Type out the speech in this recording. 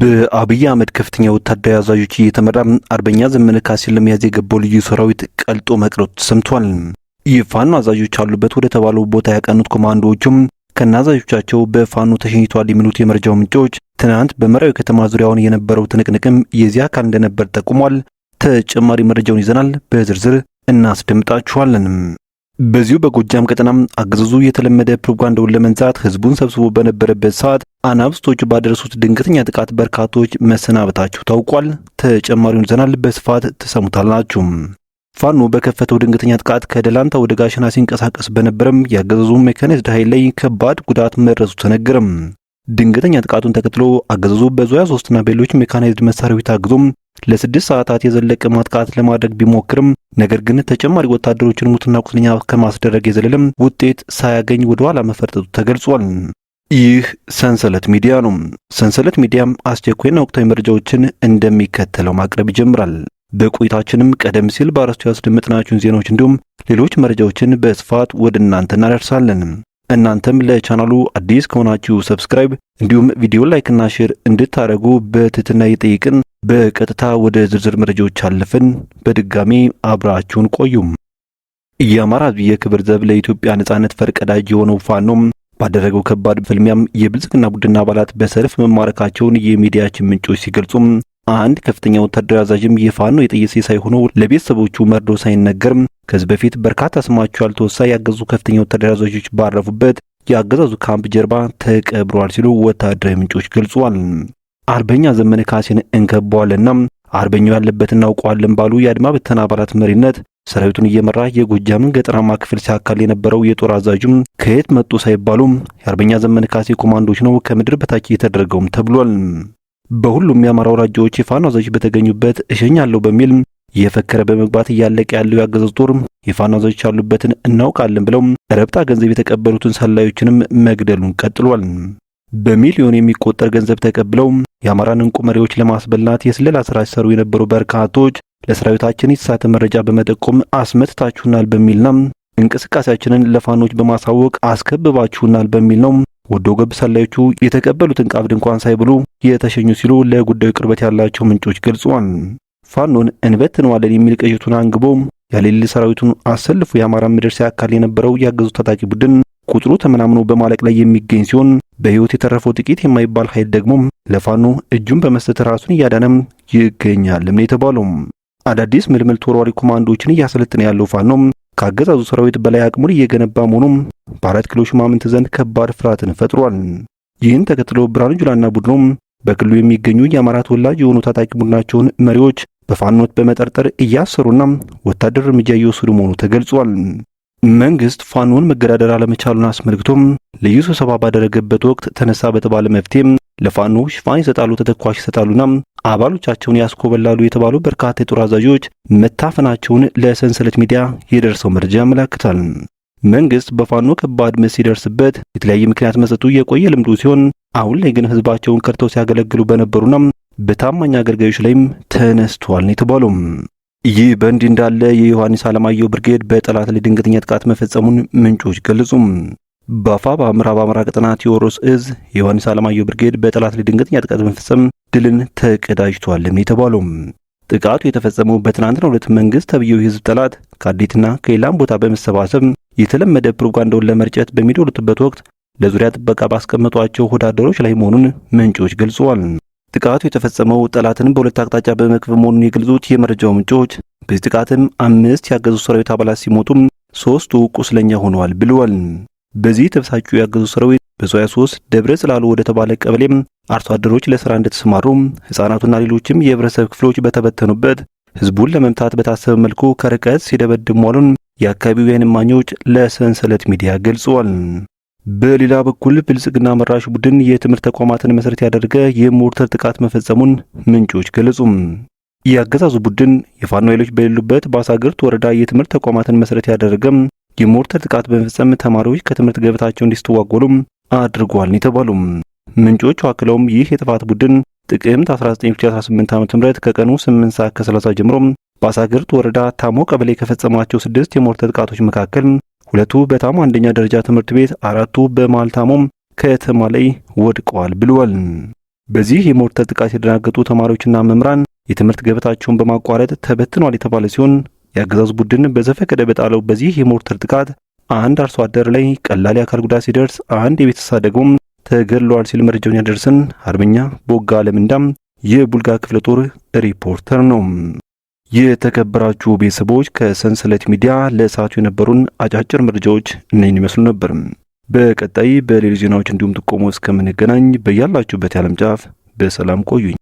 በአብይ አህመድ ከፍተኛ ወታደራዊ አዛዦች እየተመራ አርበኛ ዘመነ ካሴን ለመያዝ የገባው ልዩ ሰራዊት ቀልጦ መቅረቱ ተሰምቷል። የፋኖ አዛዦች አሉበት ወደ ተባለው ቦታ ያቀኑት ኮማንዶዎቹም ከነ አዛዦቻቸው በፋኖ ተሸኝቷል የሚሉት የመረጃው ምንጮች ትናንት በመራዊ ከተማ ዙሪያውን የነበረው ትንቅንቅም የዚህ አካል እንደነበር ጠቁሟል። ተጨማሪ መረጃውን ይዘናል፣ በዝርዝር እናስደምጣችኋለን። በዚሁ በጎጃም ቀጠናም አገዛዙ የተለመደ ፕሮፓጋንዳውን ለመንዛት ህዝቡን ሰብስቦ በነበረበት ሰዓት አናብስቶቹ ባደረሱት ድንገተኛ ጥቃት በርካቶች መሰናበታቸው ታውቋል። ተጨማሪውን ዘናል በስፋት ትሰሙታላችሁ። ፋኖ በከፈተው ድንገተኛ ጥቃት ከደላንታ ወደ ጋሸና ሲንቀሳቀስ በነበረም የአገዛዙ ሜካኒዝድ ኃይል ላይ ከባድ ጉዳት መድረሱ ተነገረም። ድንገተኛ ጥቃቱን ተከትሎ አገዛዙ በዙሪያ ሶስትና በሌሎች ሜካናይዝድ መሳሪያዎች ታግዞም ለስድስት ሰዓታት የዘለቀ ማጥቃት ለማድረግ ቢሞክርም ነገር ግን ተጨማሪ ወታደሮችን ሙትና ቁስለኛ ከማስደረግ የዘለለም ውጤት ሳያገኝ ወደ ኋላ መፈርጠቱ ተገልጿል። ይህ ሰንሰለት ሚዲያ ነው። ሰንሰለት ሚዲያም አስቸኳይና ወቅታዊ መረጃዎችን እንደሚከተለው ማቅረብ ይጀምራል። በቆይታችንም ቀደም ሲል በአርዕስቱ ያስደመጥናችሁን ዜናዎች እንዲሁም ሌሎች መረጃዎችን በስፋት ወደ እናንተ እናደርሳለን። እናንተም ለቻናሉ አዲስ ከሆናችሁ ሰብስክራይብ፣ እንዲሁም ቪዲዮ ላይክና ሼር እንድታደርጉ በትህትና እየጠየቅን በቀጥታ ወደ ዝርዝር መረጃዎች አለፍን። በድጋሚ አብራችሁን ቆዩም። የአማራ ሕዝብ የክብር ዘብ ለኢትዮጵያ ነጻነት ፈርቀዳጅ የሆነው ፋኖም ባደረገው ከባድ ፍልሚያም የብልጽግና ቡድን አባላት በሰልፍ መማረካቸውን የሚዲያችን ምንጮች ሲገልጹም አንድ ከፍተኛ ወታደራዊ አዛዥም የፋኖ የጥይት ሲሳይ ሆኖ ለቤተሰቦቹ መርዶ ሳይነገር ከዚህ በፊት በርካታ ስማቸው ያልተወሳ ያገዙ ከፍተኛ ወታደራዊ አዛዦች ባረፉበት የአገዛዙ ካምፕ ጀርባ ተቀብሯል ሲሉ ወታደራዊ ምንጮች ገልጿል። አርበኛ ዘመነ ካሴን እንከበዋልና አርበኛው ያለበት እናውቀዋለን ባሉ የአድማ ብተና አባላት መሪነት ሰራዊቱን እየመራ የጎጃምን ገጠራማ ክፍል ሲያካል የነበረው የጦር አዛዥም ከየት መጡ ሳይባሉም የአርበኛ ዘመን ካሴ ኮማንዶች ነው ከምድር በታች እየተደረገውም ተብሏል። በሁሉም የአማራ ወራጆች የፋኖ አዛዦች በተገኙበት እሸኛለሁ በሚል እየፈከረ በመግባት እያለቀ ያለው የአገዛዙ ጦር የፋኖ አዛዦች ያሉበትን እናውቃለን ብለው ረብጣ ገንዘብ የተቀበሉትን ሰላዮችንም መግደሉን ቀጥሏል። በሚሊዮን የሚቆጠር ገንዘብ ተቀብለው የአማራን እንቁ መሪዎች ለማስበላት የስለላ ስራ ሲሰሩ የነበሩ በርካቶች ለሰራዊታችን የተሳተ መረጃ በመጠቆም አስመትታችሁናል በሚልና እንቅስቃሴያችንን ለፋኖች በማሳወቅ አስከብባችሁናል በሚል ነው ወዶ ገብ ሰላዮቹ የተቀበሉትን ቃብድ እንኳን ሳይብሉ የተሸኙ ሲሉ ለጉዳዩ ቅርበት ያላቸው ምንጮች ገልጿል። ፋኖን እንበትነዋለን የሚል ቅዥቱን አንግቦ ያሌል ሰራዊቱን አሰልፎ የአማራ ምድር ሲያካል የነበረው ያገዙ ታጣቂ ቡድን ቁጥሩ ተመናምኖ በማለቅ ላይ የሚገኝ ሲሆን በሕይወት የተረፈው ጥቂት የማይባል ኃይል ደግሞ ለፋኖ እጁን በመስጠት ራሱን እያዳነም ይገኛልም ነው የተባለው። አዳዲስ ምልምል ተወርዋሪ ኮማንዶዎችን እያሰለጠነ ያለው ፋኖ ከአገዛዙ ሰራዊት በላይ አቅሙን እየገነባ መሆኑም በአራት ኪሎ ሽማምንት ዘንድ ከባድ ፍርሃትን ፈጥሯል። ይህን ተከትሎ ብርሃኑ ጁላና ቡድኑም በክልሉ የሚገኙ የአማራ ተወላጅ የሆኑ ታጣቂ ቡድናቸውን መሪዎች በፋኖት በመጠርጠር እያሰሩና ወታደር እርምጃ እየወሰዱ መሆኑ ተገልጿል። መንግስት ፋኖን መገዳደር አለመቻሉን አስመልክቶም ልዩ ስብሰባ ባደረገበት ወቅት ተነሳ በተባለ መፍትሄም ለፋኖ ሽፋን ይሰጣሉ፣ ተተኳሽ ይሰጣሉና አባሎቻቸውን ያስኮበላሉ የተባሉ በርካታ የጦር አዛዦች መታፈናቸውን ለሰንሰለት ሚዲያ የደርሰው መረጃ ያመለክታል። መንግስት በፋኖ ከባድ ምት ሲደርስበት የተለያየ ምክንያት መስጠቱ የቆየ ልምዱ ሲሆን አሁን ላይ ግን ህዝባቸውን ከድተው ሲያገለግሉ በነበሩና በታማኝ አገልጋዮች ላይም ተነስቷል ነው የተባለው። ይህ በእንዲህ እንዳለ የዮሐንስ አለማየሁ ብርጌድ በጠላት ላይ ድንገተኛ ጥቃት መፈጸሙን ምንጮች ገለጹም። በአፋ በምዕራብ አማራ ቀጠና ቴዎድሮስ እዝ የዮሐንስ አለማየሁ ብርጌድ በጠላት ላይ ድንገተኛ ጥቃት መፈጸም ድልን ተቀዳጅቷልም የተባለውም። ጥቃቱ የተፈጸመው በትናንትናው ዕለት መንግስት ተብዬው የህዝብ ጠላት ከአዴትና ከሌላም ቦታ በመሰባሰብ የተለመደ ፕሮፓጋንዳውን ለመርጨት በሚዶሉትበት ወቅት ለዙሪያ ጥበቃ ባስቀመጧቸው ወታደሮች ላይ መሆኑን ምንጮች ገልጸዋል። ጥቃቱ የተፈጸመው ጠላትን በሁለት አቅጣጫ በመክበብ መሆኑን የገለጹት የመረጃው ምንጮች በዚህ ጥቃትም አምስት ያገዙ ሰራዊት አባላት ሲሞቱም ሶስቱ ቁስለኛ ሆነዋል ብለዋል። በዚህ ተብሳጩ ያገዙ ሰራዊት በ 3 ደብረ ጽላሉ ወደ ተባለ ቀበሌም አርሶ አደሮች ለስራ እንደተሰማሩ ህጻናቱና ሌሎችም የህብረተሰብ ክፍሎች በተበተኑበት ህዝቡን ለመምታት በታሰበ መልኩ ከርቀት ሲደበድም መዋሉን የአካባቢው የዓይን እማኞች ለሰንሰለት ሚዲያ ገልጸዋል። በሌላ በኩል ብልጽግና መራሽ ቡድን የትምህርት ተቋማትን መሰረት ያደረገ የሞርተር ጥቃት መፈጸሙን ምንጮች ገለጹ። የአገዛዙ ቡድን የፋኖ ኃይሎች በሌሉበት በአሳግርት ወረዳ የትምህርት ተቋማትን መሰረት ያደርገ የሞርተር ጥቃት በመፈጸም ተማሪዎች ከትምህርት ገበታቸው እንዲስተዋጎሉም አድርጓል የተባሉም ምንጮች አክለውም ይህ የጥፋት ቡድን ጥቅምት 1918 ዓ.ም ከቀኑ 8 ሰዓት ከ30 ጀምሮ በአሳግርት ወረዳ ታሞ ቀበሌ ከፈጸማቸው ስድስት የሞርተር ጥቃቶች መካከል ሁለቱ በታሞ አንደኛ ደረጃ ትምህርት ቤት፣ አራቱ በማልታሞ ከተማ ላይ ወድቀዋል ብሏል። በዚህ የሞርተር ጥቃት የደናገጡ ተማሪዎችና መምህራን የትምህርት ገበታቸውን በማቋረጥ ተበትኗል የተባለ ሲሆን የአገዛዙ ቡድን በዘፈቀደ በጣለው በዚህ የሞርተር ጥቃት አንድ አርሶ አደር ላይ ቀላል የአካል ጉዳት ሲደርስ አንድ የቤተሰብ ደግሞ ተገድሏል ሲል መረጃውን ያደርሰን አርበኛ ቦጋ አለምንዳም የቡልጋ ክፍለ ጦር ሪፖርተር ነው። የተከበራችሁ ቤተሰቦች ከሰንሰለት ሚዲያ ለሰዓቱ የነበሩን አጫጭር መረጃዎች እነኝን ይመስሉ ነበር። በቀጣይ በሌሎች ዜናዎች እንዲሁም ጥቆሞ እስከምንገናኝ በያላችሁበት የዓለም ጫፍ በሰላም ቆዩኝ።